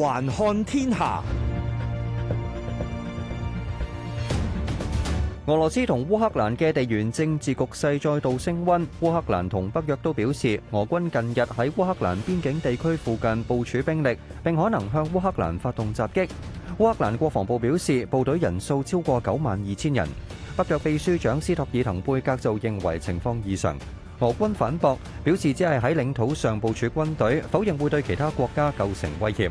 環看天下。俄羅斯同烏克蘭嘅地緣政治局勢再度升温。烏克蘭同北約都表示，俄軍近日喺烏克蘭邊境地區附近部署兵力，並可能向烏克蘭發動襲擊。烏克蘭國防部表示，部隊人數超過九萬二千人。北約秘書長斯托爾滕貝格就認為情況異常。俄軍反駁，表示只係喺領土上部署軍隊，否認會對其他國家構成威脅。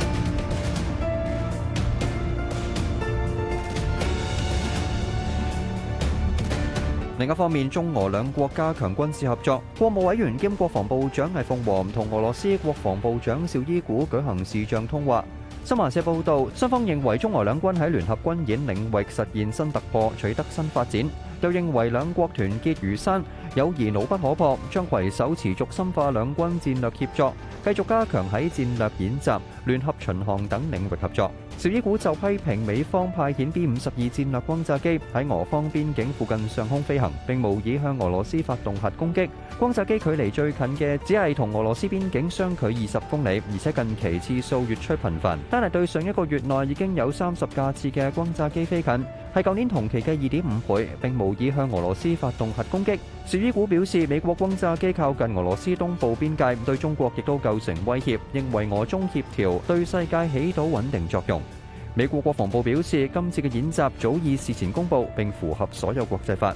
另一方面，中俄兩國加強軍事合作。國務委員兼國防部長魏鳳和同俄羅斯國防部長邵伊古舉行視像通話。新華社報道，雙方認為中俄兩軍喺聯合軍演領域實現新突破，取得新發展。就認為兩國團結如山，友誼牢不可破，將攜手持續深化兩軍戰略協作，繼續加強喺戰略演習、聯合巡航等領域合作。紹伊古就批評美方派遣 B 五十二戰略轟炸機喺俄方邊境附近上空飛行，並無意向俄羅斯發動核攻擊。轟炸機距離最近嘅只係同俄羅斯邊境相距二十公里，而且近期次數越趨頻繁。單係對上一個月內已經有三十架次嘅轟炸機飛近，係舊年同期嘅二點五倍，並冇已向俄羅斯發動核攻擊。紹伊古表示，美國轟炸機靠近俄羅斯東部邊界，對中國亦都構成威脅，認為俄中協調對世界起到穩定作用。美國國防部表示，今次嘅演習早已事前公布，並符合所有國際法。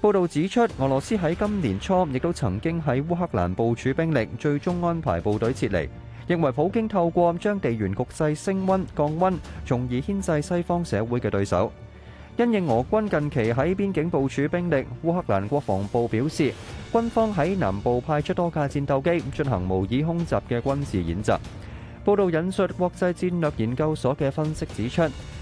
報道指出，俄羅斯喺今年初亦都曾經喺烏克蘭部署兵力，最終安排部隊撤離。認為普京透過將地緣局勢升溫、降溫，從而牽制西方社會嘅對手。因應俄軍近期喺邊境部署兵力，烏克蘭國防部表示，軍方喺南部派出多架戰鬥機進行模擬空襲嘅軍事演習。報道引述國際戰略研究所嘅分析指出。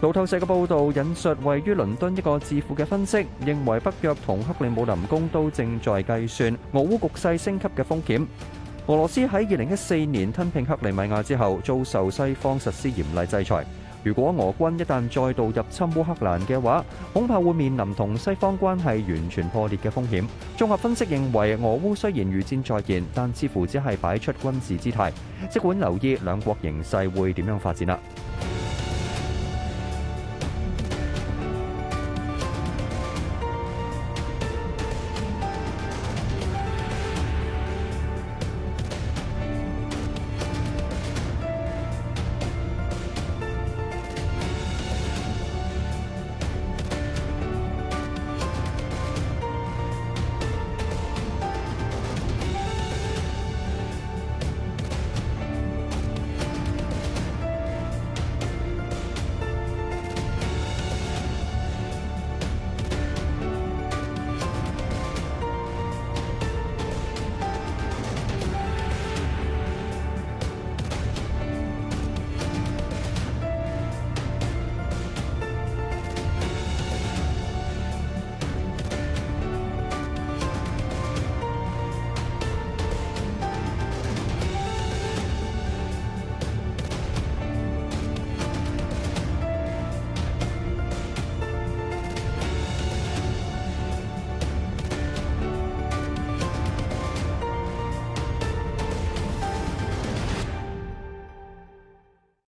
路透社嘅報導引述位於倫敦一個智庫嘅分析，認為北約同克里姆林宮都正在計算俄烏局勢升級嘅風險。俄羅斯喺二零一四年吞併克里米亞之後，遭受西方實施嚴厲制裁。如果俄軍一旦再度入侵烏克蘭嘅話，恐怕會面臨同西方關係完全破裂嘅風險。綜合分析認為，俄烏雖然如箭在弦，但似乎只係擺出軍事姿態。即管留意兩國形勢會點樣發展啦。